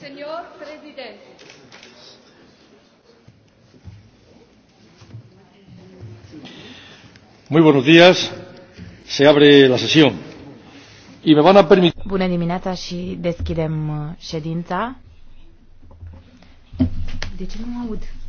Signor Presidente. Muy buenos días. Se abre la sesión. Y me van a permitir... Bună dimineața și deschidem uh, ședința. De ce nu mă aud?